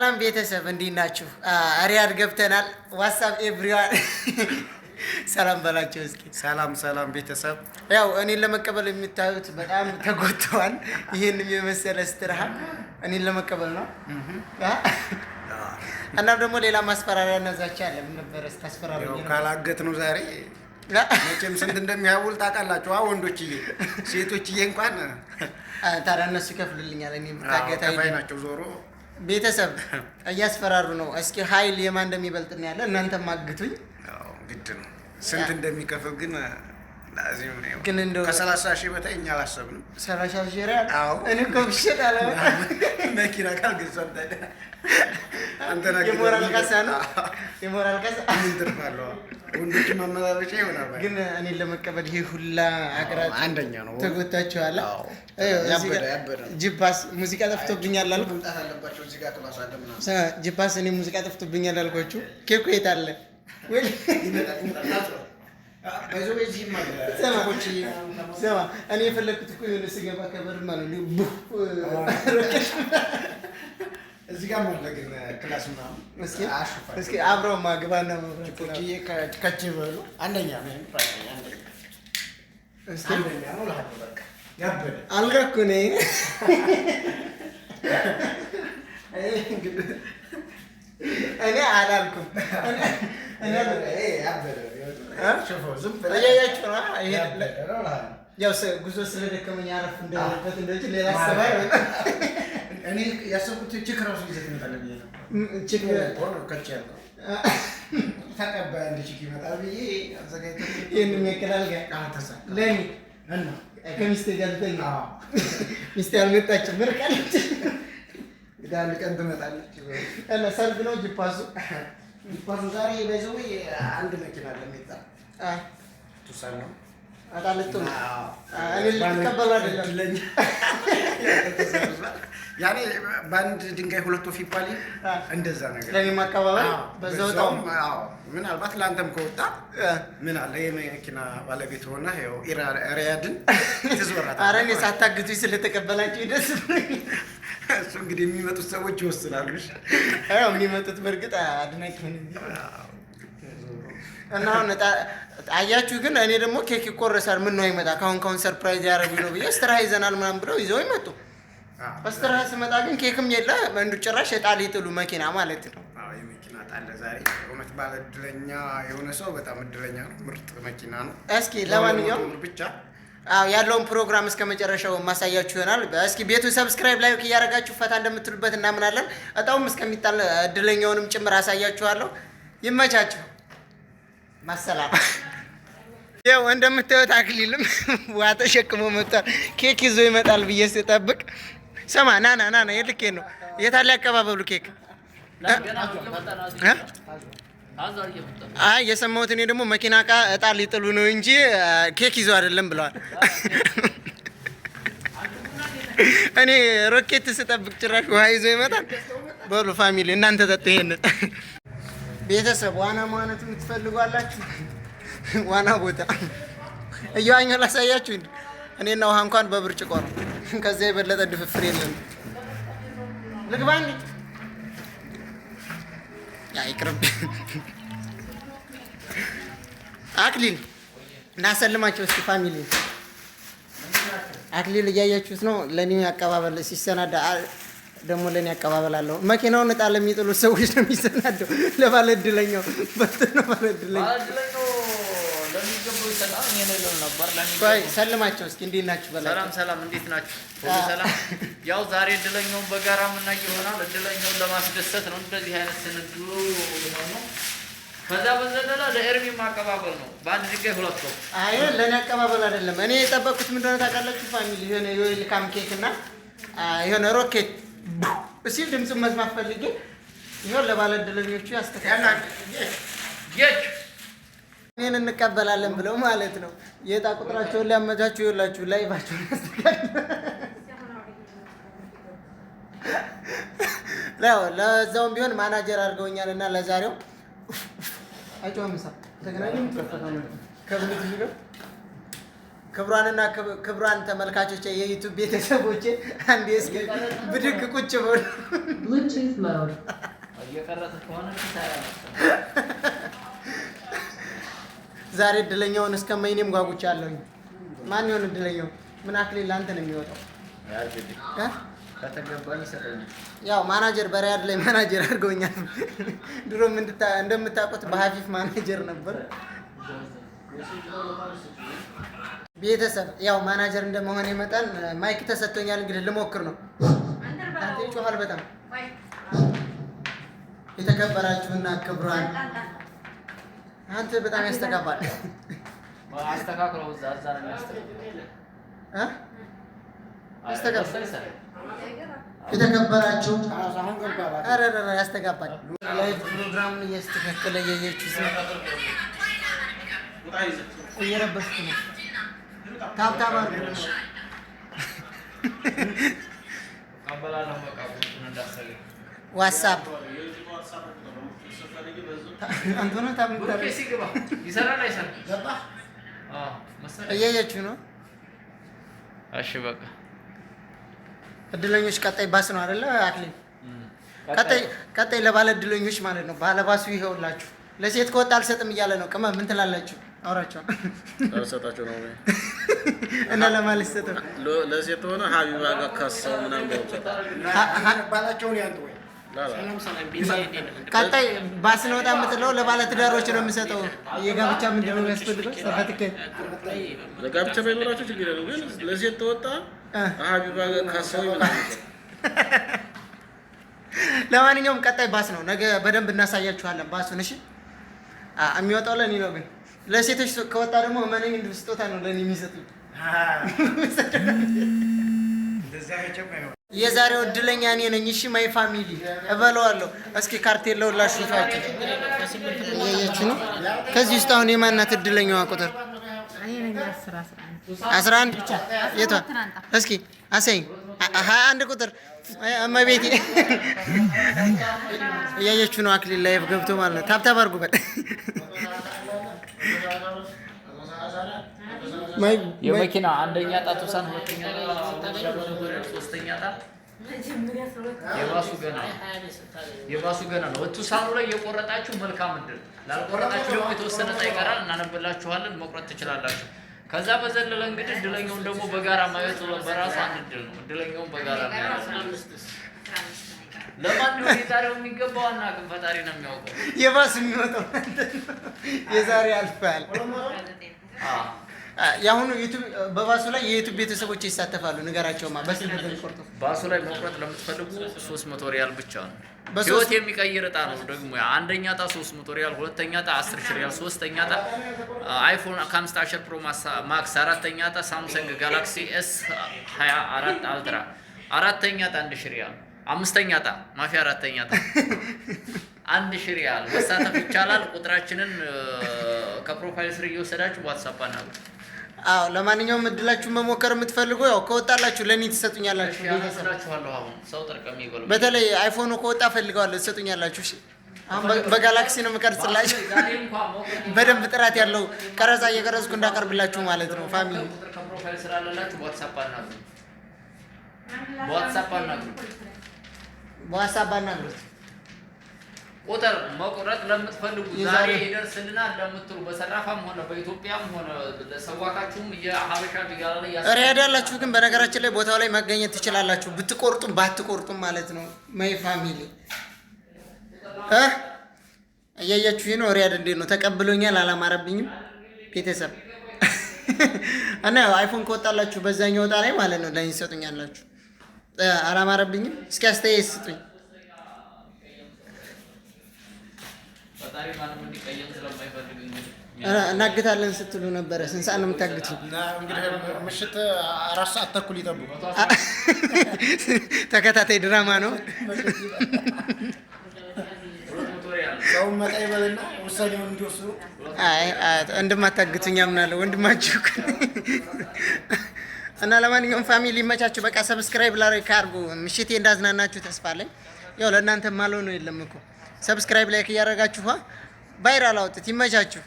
ሰላም ቤተሰብ እንዴት ናችሁ? ሪያድ ገብተናል። ዋትሳፕ ኤብሪዋን ሰላም በላቸው እስኪ። ሰላም ሰላም ቤተሰብ። ያው እኔን ለመቀበል የምታዩት በጣም ተጎድተዋል። ይህንም የመሰለ ስትረሃ እኔን ለመቀበል ነው። እናም ደግሞ ሌላ ማስፈራሪያ እና አለ። ምን ነበረ ስታስፈራሪያ? ካላገት ነው ዛሬ መቼም ስንት እንደሚያውል ታውቃላችሁ። አዎ ወንዶችዬ፣ ሴቶችዬ እንኳን ታዲያ እነሱ ይከፍሉልኛል። እኔ ናቸው ዞሮ ቤተሰብ እያስፈራሩ ነው። እስኪ ሀይል የማን እንደሚበልጥ ያለ። እናንተ ማግቱኝ። ግድ ነው። ስንት እንደሚከፍል ግን ግን እንደው ከሰላሳ ሺህ በታይ እኛ አላሰብንም። ሰላሳ ሺህ ሪያል እኔ እኮ ብሸጥ አለ መኪና ካልገዛም ታዲያ የሞራል ቀሳ ነው የሞራል ቀሳ ወንዶች ማመላለጫ ይሆናል። ግን እኔን ለመቀበል ይሄ ሁላ አቅራጭ አንደኛ ነው። ተጎታችኋል። ጅፓስ ሙዚቃ ጠፍቶብኛል አልኩ። ጅፓስ እኔ ሙዚቃ ጠፍቶብኛል አልኳችሁ። ኬኩ የት አለ? እኔ የፈለግኩት እኮ የሆነ ስገባ ከበር ማለት ነው እዚህ ጋር ማድረግ ክላስ እስኪ አብረው ማግባና ከች በሉ። አንደኛ እኔ አላልኩም። ነው። ጉዞ ስለደከመኝ አረፍ እንደዚህ ሌላ እኔ ያሰብኩት ቼክ ራሱ ይዘት እንመጣለን ብዬ ነው። ቼክ ከች ያለው ተቀባይ አንድ ቼክ ይመጣል ብዬ አዘጋጅተን ይህን የሚያክላል ለእኔ እና ከሚስቴ ጋር ሚስቴ አልመጣችም። ምር ቀለች ቀን ትመጣለች። እና ሰርግ ነው ጅፓሱ ጅፓሱ ዛሬ በዘዌ አንድ መኪና ለሚጣ ቱሳን ነው ያኔ በአንድ ድንጋይ ሁለት ወፍ ይባላል። እንደዛ ነገር ለኔም አካባቢ በዛው ምናልባት ለአንተም ከወጣ ምን አለ የመኪና ባለቤት ሆነ ሪያድን ትዞራታለህ። ኧረ እኔ ሳታግዙኝ ስለተቀበላችሁ ደስ እሱ እንግዲህ የሚመጡት ሰዎች ይወስናሉ። የሚመጡት በእርግጥ አድናቂ እና አሁን አያችሁ ግን እኔ ደግሞ ኬክ ይቆረሳል፣ ምን ነው ይመጣ ካሁን ካሁን ሰርፕራይዝ ያደረጉ ነው ብዬ ስትራሃ ይዘናል ምናምን ብለው ይዘው ይመጡ። በስትራሃ ስመጣ ግን ኬክም የለ እንዱ ጭራሽ የጣል ይጥሉ መኪና ማለት ነው። መኪና ጣለ ዛሬ። እውነት ባለ እድለኛ የሆነ ሰው በጣም እድለኛ ነው። ምርጥ መኪና ነው። እስኪ ለማንኛውም ብቻ ያለውን ፕሮግራም እስከ መጨረሻው ማሳያችሁ ይሆናል። እስኪ ቤቱ ሰብስክራይብ ላይ እያደረጋችሁ ፈታ እንደምትሉበት እናምናለን። እጣውም እስከሚጣል እድለኛውንም ጭምር አሳያችኋለሁ። ይመቻችሁ። ማሰላም ያው እንደምታዩት አክሊልም ውሃ ተሸክሞ መጥቷል። ኬክ ይዞ ይመጣል ብዬ ስጠብቅ ሰማ ና ና ና የልኬ ነው። የታለ ያቀባበሉ ኬክ? አይ የሰማሁት እኔ ደግሞ መኪና እቃ እጣ ሊጥሉ ነው እንጂ ኬክ ይዞ አይደለም ብለዋል። እኔ ሮኬት ስጠብቅ ጭራሽ ውሃ ይዞ ይመጣል። በሉ ፋሚሊ እናንተ ጠጡ። ይሄንን ቤተሰብ ዋና መዋነት ትፈልጓላችሁ? ዋና ቦታ እየዋኘሁ ላሳያችሁ። እኔና ውሃ እንኳን በብርጭቆ ነው። ከዚያ የበለጠ ድፍፍር የለም። ልግባ አይቅርብ። አክሊል እናሰልማቸው እስኪ ፋሚሊ አክሊል እያያችሁት ነው። ለእኔ አቀባበል ሲሰናዳ ደግሞ ለእኔ አቀባበል አለሁ። መኪናውን እጣ ለሚጥሉት ሰዎች ነው የሚሰናደው። ለባለ ዕድለኛው ነው ባለ ቆይ ሰልማቸው እስኪ እንዴት ናችሁ ሰላም ሰላም፣ እንዴት ናችሁ? ሰላም። ያው ዛሬ እድለኛውን በጋራ የምናይ ይሆናል። እድለኛውን ለማስደሰት ነው እንደዚህ አይነት ስንድሉ ከዛ ለኤርሚ ነው። በአንድ ድንጋይ ሁለት ሰው። አይ ለእኔ አቀባበል አይደለም። እኔ የጠበቅኩት ምንድን ነው ታውቃላችሁ? ፋሚሊ የሆነ የዌልካም ኬክ እና የሆነ ሮኬት ሲል ድምፅ መስማት ፈልጌ ይኸው ለባለ እድለኞቹ ያስተካል ጌች ይህን እንቀበላለን ብለው ማለት ነው። የዕጣ ቁጥራቸውን ሊያመቻችሁ ይላችሁ ላይቫችሁን ያስተካክል ለዛውም ቢሆን ማናጀር አድርገውኛል እና ለዛሬው ክብሯንና ክብሯን ተመልካቾች የዩቱብ ቤተሰቦች አንድ ስ ብድግ ቁጭ በሉ ዛሬ እድለኛውን እስከማይ እኔም ጓጉቻለሁኝ። ማን ይሆን እድለኛው? ምን አክሊል ለአንተ ነው የሚወጣው? ያው ማናጀር በሪያድ ላይ ማናጀር አድርገውኛል። ድሮም እንደምታውቁት በሀፊፍ ማናጀር ነበር። ቤተሰብ ያው ማናጀር እንደመሆን መጠን ማይክ ተሰጥቶኛል። እንግዲህ ልሞክር ነው። ጮኋል በጣም የተከበራችሁና ክብሯን አንተ በጣም ያስተጋባል። አስተካክለው እዛ እዛ ነው የሚያስተጋባው። የተከበራችሁ አረረረ ያስተጋባል። ላይቭ ፕሮግራሙን እያስተካከለ ነው። ታብታብ ዋትሳፕ እየየችው ነው። እሺ በቃ እድለኞች ቀጣይ ባስ ነው አይደለ? ቀጣይ ለባለ እድለኞች ማለት ነው። ባለባሱ ይኸውላችሁ። ለሴት ከወጣ አልሰጥም እያለ ነው። ቅመም ምን ትላላችሁ? አውራቸው ነው እና ለማለት ሰጠ ለሴት ሆነ ሀቢባ ጋር ምናምን ባላቸውን ያንተ ወይ ቀጣይ ባስ የምትለው ለባለ ትዳሮች ነው የምሰጠው። የጋብቻ ምንድን ነው የሚያስፈልገው? ሰርተፍኬት ለጋብቻ ባይኖራቸው ችግር ግን ለሴት ተወጣ ሀቢባ ለማንኛውም ቀጣይ ባስ ነው። ነገ በደንብ እናሳያችኋለን ባሱን። እሺ የሚወጣው ለእኔ ነው፣ ግን ለሴቶች ከወጣ ደግሞ መነኝ እንድ ስጦታ ነው ለእኔ የሚሰጡ። የዛሬው እድለኛ እኔ ነኝ። እሺ ማይ ፋሚሊ እበለዋለሁ። እስኪ ካርቴላውን ላሹፋችሁ እያያችሁ ነው። ከዚህ ውስጥ አሁን የማናት እድለኛዋ ቁጥር? አስራ አንድ የቷ? እስኪ አሰኝ ሀያ አንድ ቁጥር እመቤቴ። እያየችሁ ነው። አክሊል ላይፍ ገብቶ ማለት ነው። ታብታብ አድርጉበት የመኪና አንደኛ ጣት ውሳን፣ ሁለተኛ ሶስተኛ ጣት የባሱ ገና የባሱ ገና ነው። ትውሳኑ ላይ የቆረጣችሁ መልካም እድል፣ ላልቆረጣችሁ ደግሞ የተወሰነ ዕጣ ይቀራል፣ እናነብላችኋለን። መቁረጥ ትችላላችሁ። ከዛ በዘለለ እንግዲህ እድለኛውን ደግሞ በጋራ ማየት በራሱ አንድ እድል ነው። እድለኛውን በጋራ ማየት ለማን ነው የዛሬው የሚገባው? እና ግን ፈጣሪ ነው የሚያውቀው። የባስ የሚወጣው የዛሬ አልፋል አዎ የአሁኑ ዩቱብ በባሱ ላይ የዩቱብ ቤተሰቦች ይሳተፋሉ። ንገራቸውማ በስልክ ሪፖርት ባሱ ላይ መቁረጥ ለምትፈልጉ ሶስት መቶ ሪያል ብቻ ነው። ህይወት የሚቀይር እጣ ነው። ደግሞ አንደኛ እጣ ሶስት መቶ ሪያል፣ ሁለተኛ እጣ አስር ሺ ሪያል፣ ሶስተኛ እጣ አይፎን ከአምስት አሸር ፕሮ ማክስ፣ አራተኛ እጣ ሳምሰንግ ጋላክሲ ኤስ ሀያ አራት አልትራ፣ አራተኛ እጣ አንድ ሺ ሪያል፣ አምስተኛ እጣ ማፊ፣ አራተኛ እጣ አንድ ሺ ሪያል። መሳተፍ ይቻላል። ቁጥራችንን ከፕሮፋይል ስር እየወሰዳችሁ ዋትሳፕ አናሉ አዎ ለማንኛውም እድላችሁን መሞከር የምትፈልጉ ያው ከወጣላችሁ ለእኔ ትሰጡኛላችሁ። በተለይ አይፎኑ ከወጣ ፈልገዋለሁ ትሰጡኛላችሁ። አሁን በጋላክሲ ነው የምቀርጽላችሁ። በደንብ ጥራት ያለው ቀረጻ እየቀረጽኩ እንዳቀርብላችሁ ማለት ነው። ፋሚሊ በዋትሳፕ አናግሩት። ቁጥር መቁረጥ ለምትፈልጉ ዛሬ ይደርስልናል ለምትሉ በሰራፋም ሆነ በኢትዮጵያም ሆነ ለሰዋካችሁም የሀበሻ ቢጋላ ላይ ኧረ ያዳላችሁ ግን በነገራችን ላይ ቦታው ላይ መገኘት ትችላላችሁ፣ ብትቆርጡም ባትቆርጡም ማለት ነው። ማይ ፋሚሊ እያያችሁ ነው። ሪያድ እንዴት ነው ተቀብሎኛል? አላማረብኝም። ቤተሰብ እና አይፎን ከወጣላችሁ በዛኛው ወጣ ላይ ማለት ነው ለእኔ ትሰጡኛላችሁ። አላማረብኝም። እስኪ አስተያየት ስጡኝ። እናግታለን ስትሉ ነበረ። ስንት ሰዓት ነው የምታግቱ? ምሽት አራት ሰዓት ተኩል ይጠብቁ። ተከታታይ ድራማ ነው። እንደማታግቱኝ አምናለሁ ወንድማችሁ እና ለማንኛውም ፋሚሊ ይመቻችሁ። በቃ ሰብስክራይብ ላይክ አድርጉ። ምሽቴ እንዳዝናናችሁ ተስፋ አለኝ። ያው ለእናንተ ማለው ነው የለም እኮ ሰብስክራይብ ላይክ እያደረጋችሁ ቫይራል አውጥት። ይመቻችሁ።